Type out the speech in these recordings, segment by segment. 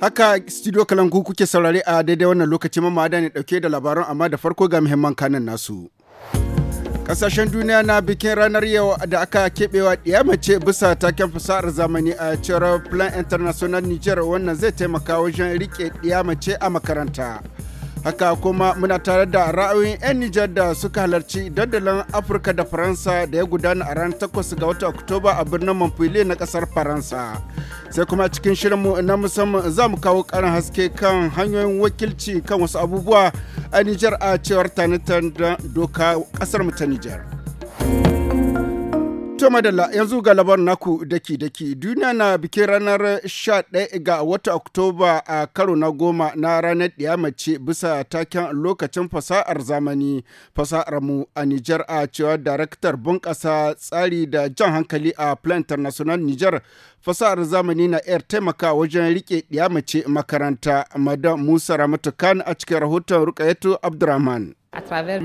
Haka studio kalanku kuke saurare a daidai wannan lokaci mamada ne dauke da labaran amma da farko ga muhimman kanan nasu. Kasashen duniya na bikin ranar yau da aka keɓewa mace bisa taken fasahar zamani a cewar Plan International Niger wannan zai taimaka wajen rike mace a makaranta. haka kuma muna tare da ra'ayoyin 'yan nijar da suka halarci dandalin afirka da faransa da ya gudana a ran takwas ga watan oktoba a birnin montpellier na kasar faransa sai kuma cikin shirinmu na musamman za mu kawo karin haske kan hanyoyin wakilci kan wasu abubuwa a nijar a cewar tanitan doka kasar mu ta nijar To madalla yanzu ga labar naku daki-daki duniya na bikin ranar 11 ga wata Oktoba a karo na goma na ranar ɗiyamace bisa taken lokacin fasa'ar zamani fasa'ar mu a Nijar a cewa daraktar bunƙasa tsari da jan hankali a Plan International Nijar fasa'ar zamani na yar taimaka wajen rike ɗiyamace makaranta Madam Musa ramatukan a cikin rahoton rukayatu Abdurrahman. A travers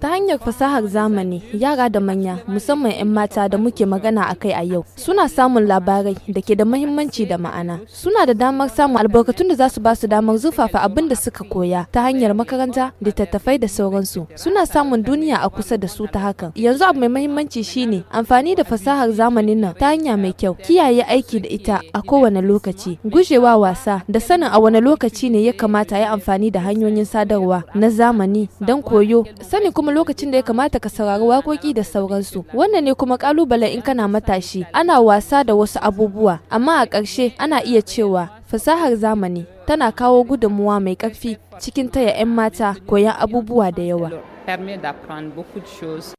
Ta hanyar fasahar zamani, yara da manya, musamman 'yan mata da muke magana a kai a yau, suna samun labarai da ke da mahimmanci da ma'ana. Suna da damar samun albarkatun da za su ba su damar zufafa abin da suka koya ta hanyar makaranta, littattafai da sauransu. Suna samun duniya a kusa da su ta hakan. Yanzu abu mai mahimmanci shine amfani da fasahar zamanin nan ta hanya mai kyau, kiyaye aiki da ita a kowane lokaci, gujewa wasa da sanin a wane lokaci ne ya kamata ya yi amfani da hanyoyin sadarwa na zamani don koyo, sani kuma kuma lokacin da ya kamata ka saurari waƙoƙi da sauransu wannan ne kuma ƙalubale in kana matashi ana wasa da wasu abubuwa amma a ƙarshe ana iya cewa fasahar zamani tana kawo gudunmuwa mai ƙarfi cikin taya 'yan mata koyan abubuwa da yawa. permet d'apprendre beaucoup de choses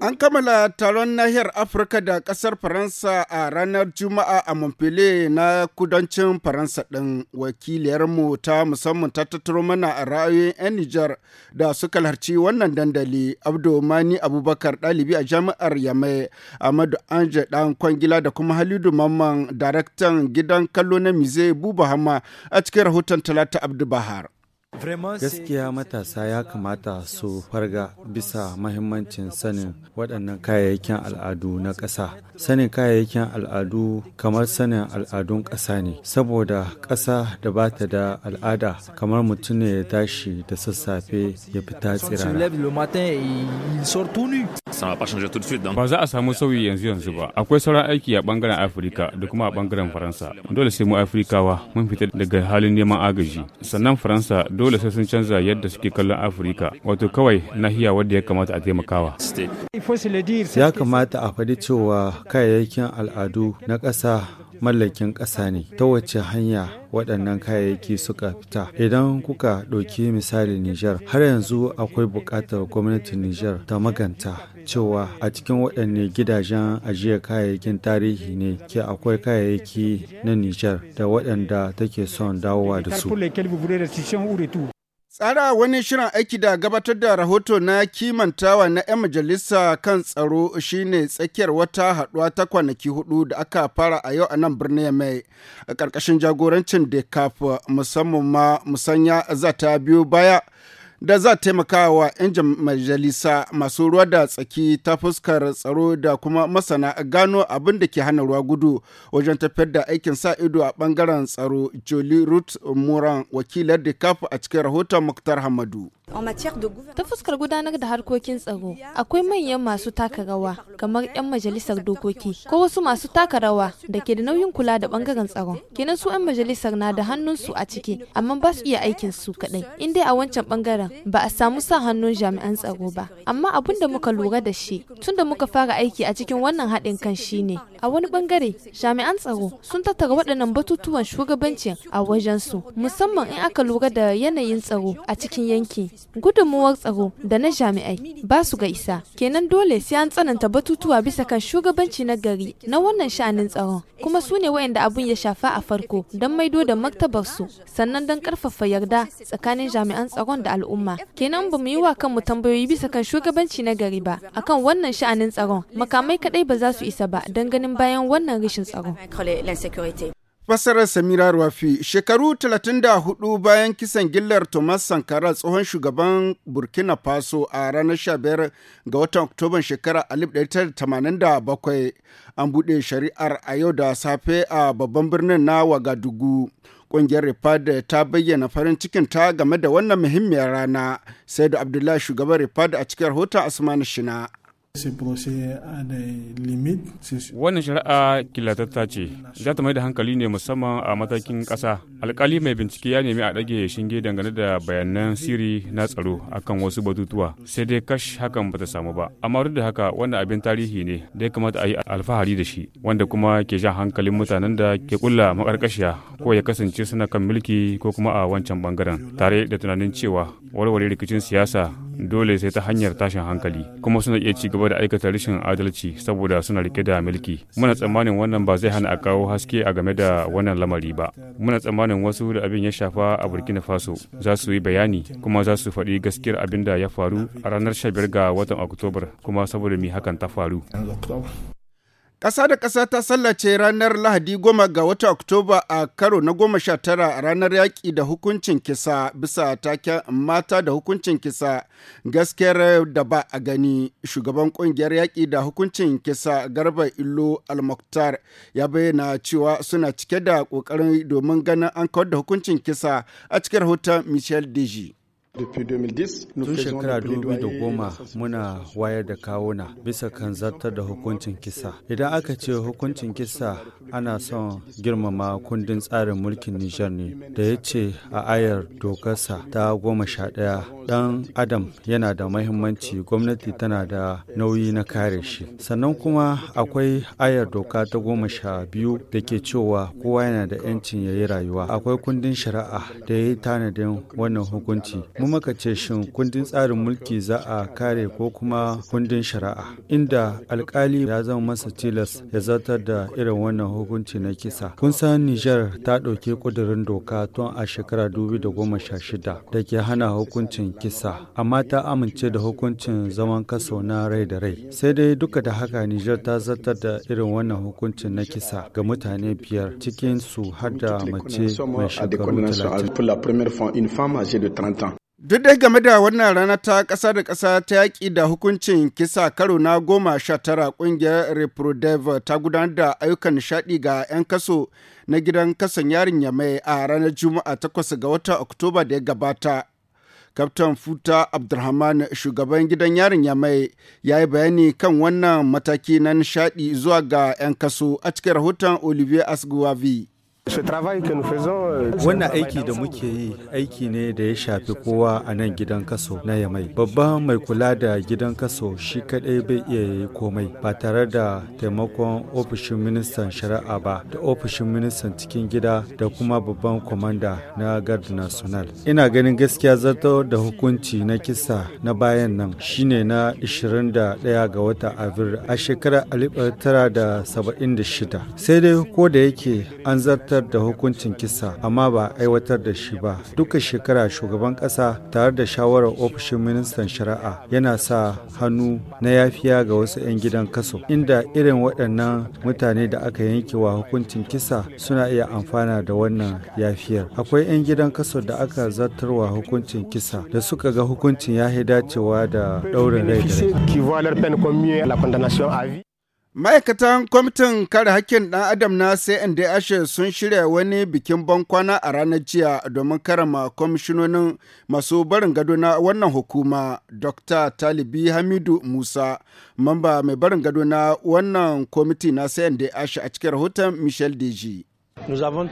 An kammala taron nahiyar Afirka da ƙasar Faransa a ranar Juma'a a Montpellier na kudancin Faransa ɗin wakiliyarmu ta musamman ta tattaro mana a ra'ayoyin 'yan Nijar da suka harci, wannan dandali Abdomani Abubakar ɗalibi a jami'ar Yamai Ahmadu Anje ɗan kwangila da kuma Halidu Mamman daraktan gidan kallo na Mize Buba Hama a cikin rahoton Talata Abdu Bahar. Gaskiya matasa ya kamata su farga bisa mahimmancin sanin waɗannan kayayyakin al'adu na ƙasa. Sanin kayayyakin al'adu kamar sanin al'adun ƙasa ne, saboda ƙasa da ba ta da al'ada kamar mutum ne ya tashi da sassafe ya fita tsirara. Ba za a samu sauyi yanzu yanzu ba. Akwai sauran aiki a bangaren Afirka da kuma a bangaren Faransa. Dole sai mu Afirkawa mun fita daga halin neman agaji. Sannan Faransa dole sai sun canza yadda suke kallon Afirka. Wato kawai nahiya wadda ya kamata a taimakawa. Ya kamata a faɗi cewa kayayyakin al'adu na ƙasa mallakin ƙasa ne ta wacce hanya waɗannan kayayyaki suka fita idan kuka ɗauki misali niger har yanzu akwai buƙatar gwamnatin niger ta maganta cewa a cikin waɗanne gidajen ajiyar kayayyakin tarihi ne ke akwai kayayyaki na niger da waɗanda take son dawowa da su. Tsara wani shirin aiki da gabatar da rahoto na kimantawa na 'yan majalisa kan tsaro shine tsakiyar wata haɗuwa ta kwanaki hudu da aka fara a yau a nan birnin mai a ƙarƙashin jagorancin da musamman ma musanya za ta biyo baya da za taimaka wa 'yan majalisa masu ruwa da tsaki ta fuskar tsaro da kuma masana gano abin da ke hana ruwa gudu wajen tafiyar da aikin sa ido a bangaren tsaro jolie ruth moran wakilar da kafa a cikin rahoton muktar hamadu Ta fuskar gudanar da harkokin tsaro, akwai manyan masu taka rawa kamar 'yan majalisar dokoki ko wasu masu taka rawa da ke da nauyin kula da bangaren tsaro Kenan su 'yan majalisar na da hannunsu a ciki, amma ba su iya aikin su kaɗai. In dai a wancan bangaren ba a samu sa hannun jami'an tsaro ba. Amma abin da muka lura da shi tun da muka fara aiki a cikin wannan haɗin kan shi ne a wani bangare jami'an tsaro sun tattara waɗannan batutuwan shugabancin a wajensu musamman in aka lura da yanayin tsaro a cikin yanki gudunmuwar tsaro da na jami'ai ba su ga isa kenan dole sai an tsananta batutuwa bisa kan shugabanci na gari na wannan sha'anin tsaron kuma su ne waɗanda abun ya shafa a farko don maido da maktabarsu sannan don karfafa yarda tsakanin jami'an tsaron da al'umma kenan ba mu yi wa kanmu tambayoyi bisa kan shugabanci na gari ba akan wannan sha'anin tsaron makamai kadai ba za su isa ba don ganin bayan wannan rashin tsaro Fassarar Samira Rafi shekaru 34 bayan kisan gillar Thomas Sankara tsohon shugaban Burkina Faso a ranar 15 ga watan Oktoban shekarar 1987 an buɗe shari'ar a yau da safe a babban birnin na Wagadugu. Ƙungiyar Rifad ta bayyana farin cikin ta game da wannan muhimmiyar rana, sai da Abdullahi shugaban Rifad a cikin rahoton Asman Shina. Wannan shari'a kilatatta ce, za ta mai da hankali ne musamman a matakin ƙasa. Alkali mai bincike ya nemi a ɗage shinge dangane da bayanan siri na tsaro akan wasu batutuwa, sai dai kash hakan ba ta samu ba. Amma duk da haka wannan abin tarihi ne da ya kamata a yi alfahari da shi, wanda kuma ke jan hankalin mutanen da ke ƙulla maƙarƙashiya ko ya kasance suna kan mulki ko kuma a wancan bangaren, tare da tunanin cewa warware rikicin siyasa dole sai ta hanyar tashin hankali kuma suna iya ci gaba da aikata rashin adalci saboda suna rike da milki muna tsammanin wannan ba zai hana a kawo haske a game da wannan lamari ba muna tsammanin wasu da abin ya shafa a burkina faso za su yi bayani kuma za su faɗi gaskiyar abin da ya faru a ranar 15 ga watan oktobar kuma saboda mi hakan ta faru Ƙasa da ƙasa ta sallace ranar Lahadi goma ga wata Oktoba a karo na goma sha tara ranar yaƙi da hukuncin kisa bisa taken mata da hukuncin kisa gaskiyar da ba a gani. Shugaban ƙungiyar yaƙi da hukuncin kisa Garba Illo Almoktar ya bayyana cewa suna cike da ƙoƙarin domin ganin an kawar da hukuncin kisa a cikin rahoton Michel Deji. Tun shekara da goma muna wayar da kawuna bisa kan zartar da hukuncin kisa. Idan aka ce hukuncin kisa ana son girmama kundin tsarin mulkin Nijar ne da ya ce a ayar dokarsa ta goma sha ɗaya ɗan adam yana da mahimmanci gwamnati tana da nauyi na kare shi. Sannan kuma akwai ayar doka ta goma sha biyu da ke cewa kowa yana da 'yancin ya yi rayuwa. Akwai kundin shari'a da ya yi tanadin wannan hukunci. kuma ka ce shin kundin tsarin mulki za a kare ko kuma kundin shari'a inda alkali ya zama masa tilas ya zartar da irin wannan hukunci na kisa kun san niger ta ɗauki ƙudurin doka tun a shekara 2016 da ke hana hukuncin kisa amma ta amince da hukuncin zaman kaso na rai da rai sai dai duka da haka niger ta zartar da irin wannan hukuncin na kisa ga mutane biyar cikin su har da mace mai shekaru 30 Duk da game da wannan rana ta ƙasa da ƙasa ta yaƙi da hukuncin kisa karo na goma sha tara ƙungiyar Reprodev ta gudanar da ayyukan nishaɗi ga 'yan kaso na gidan kasan yarin Yamai a ranar Juma'a takwas ga wata Oktoba da ya gabata. Kaftan Futa Abdulrahman shugaban gidan yarin Yamai ya yi bayani kan wannan mataki na nishaɗi zuwa ga 'yan kaso a cikin rahoton Olivier Asguavi. Euh, Wannan aiki da muke yi aiki ne da ya shafi kowa a nan gidan kaso na Yamai. Babban mai kula da gidan kaso shi kadai bai iya yi komai ba tare da taimakon ofishin ministan shari'a ba da ofishin ministan cikin gida da kuma babban kwamanda na gardu National. Ina ganin gaskiya zato da hukunci na kisa na bayan nan shine na 21 ga wata Abril a shekarar 1976. Sai dai ko da yake an zarta aiwatar da hukuncin kisa amma ba aiwatar da shi ba duka shekara shugaban kasa tare da shawarar ofishin ministan shari'a yana sa hannu na yafiya ga wasu 'yan gidan kaso inda irin waɗannan mutane da aka yanke wa hukuncin kisa suna iya amfana da wannan yafiyar akwai 'yan gidan kaso da aka zartarwa hukuncin kisa da suka ga hukuncin ya dacewa da ɗaurin rai da Ma'aikatan kwamitin kare hakkin ɗan adam na CNDH sun shirya wani bikin bankwana a ranar jiya domin karama kwamishinonin masu barin gado na wannan hukuma Dr. Talibi Hamidu Musa, mamba mai barin gado na wannan kwamiti na CNDH a cikin rahoton Michel Deji. Mun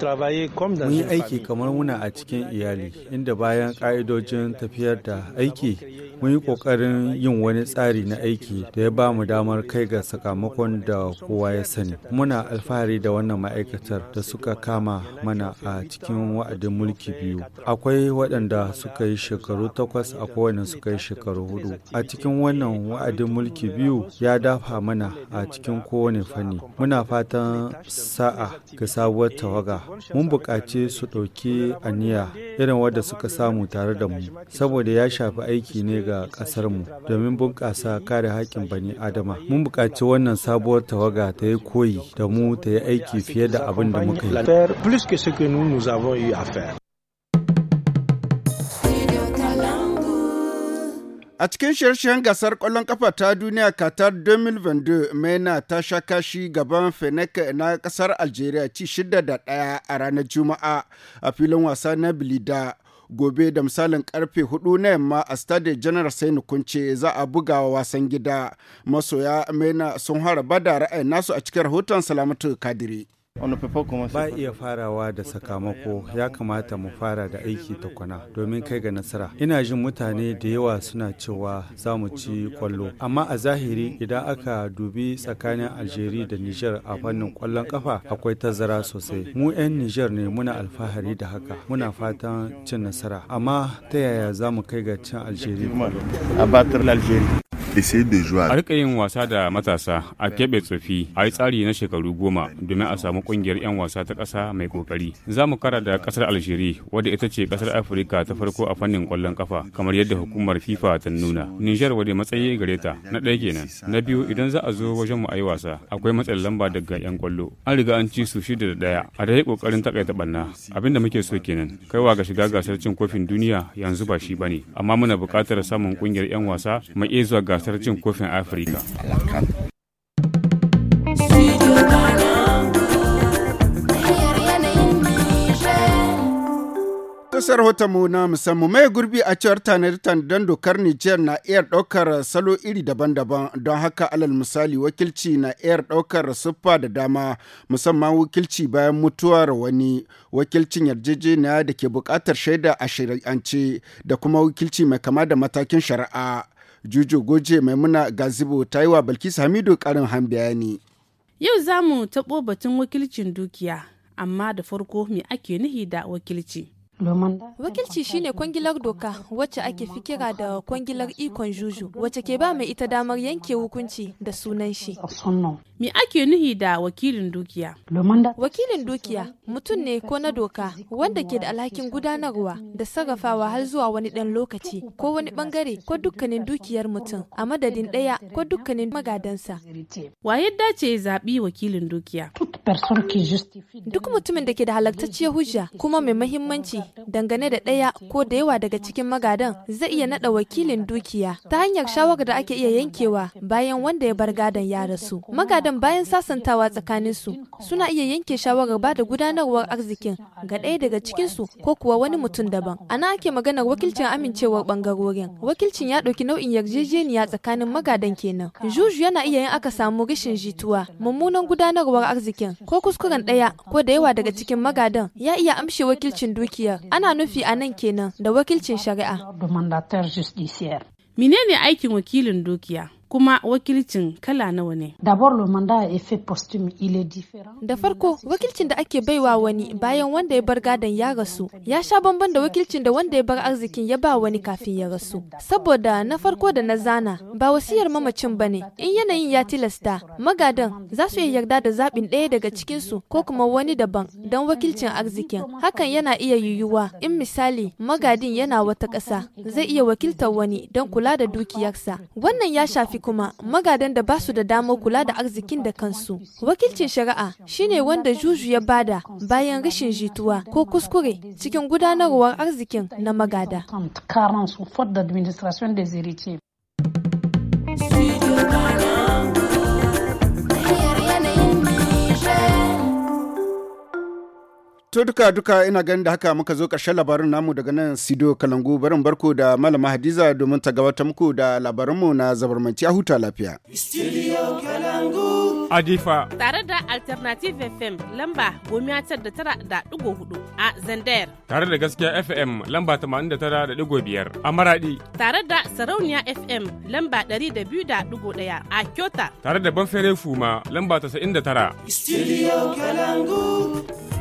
yi aiki kamar muna a cikin iyali, inda bayan ƙa'idojin tafiyar da aiki, mun yi ƙoƙarin yin wani tsari na aiki da ya ba mu damar kai ga sakamakon da kowa ya sani. Muna alfahari da wannan ma'aikatar da suka kama mana a cikin wa'adin mulki biyu. Akwai waɗanda suka yi shekaru takwas, a kowane suka yi shekaru hudu. A cikin wannan wa'adin mulki biyu ya dafa mana a cikin kowane fanni. Muna fatan sa'a ga sabuwar tawaga mun buƙaci su ɗauki aniya irin wadda suka samu tare da mu saboda ya shafi aiki ne ga ƙasarmu domin bunƙasa kare haƙƙin bani adama mun buƙaci wannan sabuwar tawaga ta yi koyi da mu ta yi aiki fiye da abin da muka yi A cikin shirshen gasar ƙwallon ƙafa ta duniya Qatar 2022 Mena ta sha kashi gaban fenek na ƙasar Algeria ci shida da ɗaya a ranar Juma'a a filin wasa na Bilida. Gobe da misalin karfe hudu na yamma a Stade General Sani Kunce za a buga wa wasan gida. Masoya Mena sun haraba da ra'ayin nasu a cikin rahoton Salamatu Kadiri. Ba iya farawa da sakamako ya kamata mu fara da aiki tukuna domin kai ga nasara. Ina jin mutane da yawa suna cewa za mu ci kwallo. Amma a zahiri idan aka dubi tsakanin Algeria da niger a fannin kwallon kafa akwai tazara sosai. Mu 'yan niger ne muna alfahari da haka. Muna fatan cin nasara. Amma ta yaya za mu kai ga cin Algeria? A rika yin wasa da matasa a keɓe tsofi a yi tsari na shekaru goma domin a samu ƙungiyar 'yan wasa ta ƙasa mai ƙoƙari. Za mu kara da ƙasar Algeria wadda ita ce ƙasar Afirka ta farko a fannin ƙwallon ƙafa kamar yadda hukumar FIFA ta nuna. Nijar wadda matsayi gare ta na ɗaya kenan. Na biyu idan za a zo wajen mu a yi wasa akwai matsalar lamba daga 'yan ƙwallo. An riga an ci su shida da ɗaya a dai ƙoƙarin taƙaita ɓanna abinda muke so kenan wa ga shiga gasar cin kofin duniya yanzu ba shi ba ne amma muna buƙatar samun ƙungiyar 'yan wasa mai iya zuwa gasar cin kofin afirka kasar mu na musamman mai gurbi a cewar tanade don dokar Nijar na iya ɗaukar salo iri daban-daban don haka alal misali wakilci na iya ɗaukar siffa da dama musamman wakilci bayan mutuwar wani wakilcin yarjejeniya da ke bukatar shaida a shari'ance da kuma wakilci mai kama da matakin shari'a Juju Goje Maimuna Gazibo ta yi wa Bilkisu Hamidu karin han bayani. Yau za mu taɓo batun wakilcin dukiya, amma da farko me ake nihi da wakilci. Wakilci shine kwangilar doka wacce ake fikira da kwangilar ikon juju wacce ke ba mai ita damar yanke hukunci da sunan shi. Me ake nuhi da wakilin dukiya? Wakilin dukiya mutum ne ko na doka wanda ke da alhakin gudanarwa da sarrafawa har zuwa wani ɗan lokaci ko wani bangare ko dukkanin dukiyar mutum a madadin ɗaya ko dukkanin magadansa. Wa yadda ce zaɓi wakilin dukiya? Duk mutumin da ke da halartacciyar hujja kuma mai muhimmanci. dangane da ɗaya ko da yawa daga cikin magadan zai iya naɗa wakilin dukiya ta hanyar shawarar da ake iya yankewa bayan wanda ya bar gadon ya rasu. Magadan bayan sasantawa tsakanin su suna iya yanke shawarar ba da gudanarwar arzikin ga ɗaya daga cikin su ko kuwa wani mutum daban. A nan ake maganar wakilcin amincewar bangarorin. Wakilcin ya ɗauki nau'in yarjejeniya tsakanin magadan kenan. Juju yana iya yin aka samu rashin jituwa, mummunan gudanarwar arzikin ko kuskuren ɗaya ko da yawa daga cikin magadan ya iya amshe wakilcin dukiya ana nufi a nan kenan da wakilcin shari'a. Menene aikin wakilin dukiya? kuma wakilcin kala nawa ne. Da farko wakilcin da ake baiwa wani bayan wanda ya bar gadon ya rasu ya sha bamban da wakilcin da wanda ya bar arzikin ya ba wani kafin ya rasu. Saboda na farko da na zana ba wasiyar mamacin ba ne in yanayin ya tilasta magadan za su iya yarda da zaɓin ɗaya daga cikinsu ko kuma wani daban don wakilcin arzikin hakan yana iya yiwuwa in misali magadin yana wata ƙasa zai iya wakiltar wani don kula da dukiyarsa wannan ya shafi kuma magadan da ba su da damar kula da arzikin da kansu. Wakilcin shari'a shine wanda juju ya bada bayan rashin jituwa ko kuskure cikin gudanarwar arzikin na magada. To duka duka ina ganin da haka muka zo ƙarshen labarin namu daga nan Sido Kalangu barin barko da Malama Hadiza domin ta gabatar muku da labarinmu na zabarmanci a huta lafiya. Studio Kalangu. Adifa. Tare da Alternative FM lamba gomiya tar da tara da ɗigo hudu a Zandayar. Tare da gaskiya FM lamba tamanin da tara da ɗigo biyar a Maradi. Tare da Sarauniya FM lamba ɗari da biyu da ɗigo ɗaya a Kyota. Tare da Banfere Fuma lamba tasa'in da tara. Studio Kalangu.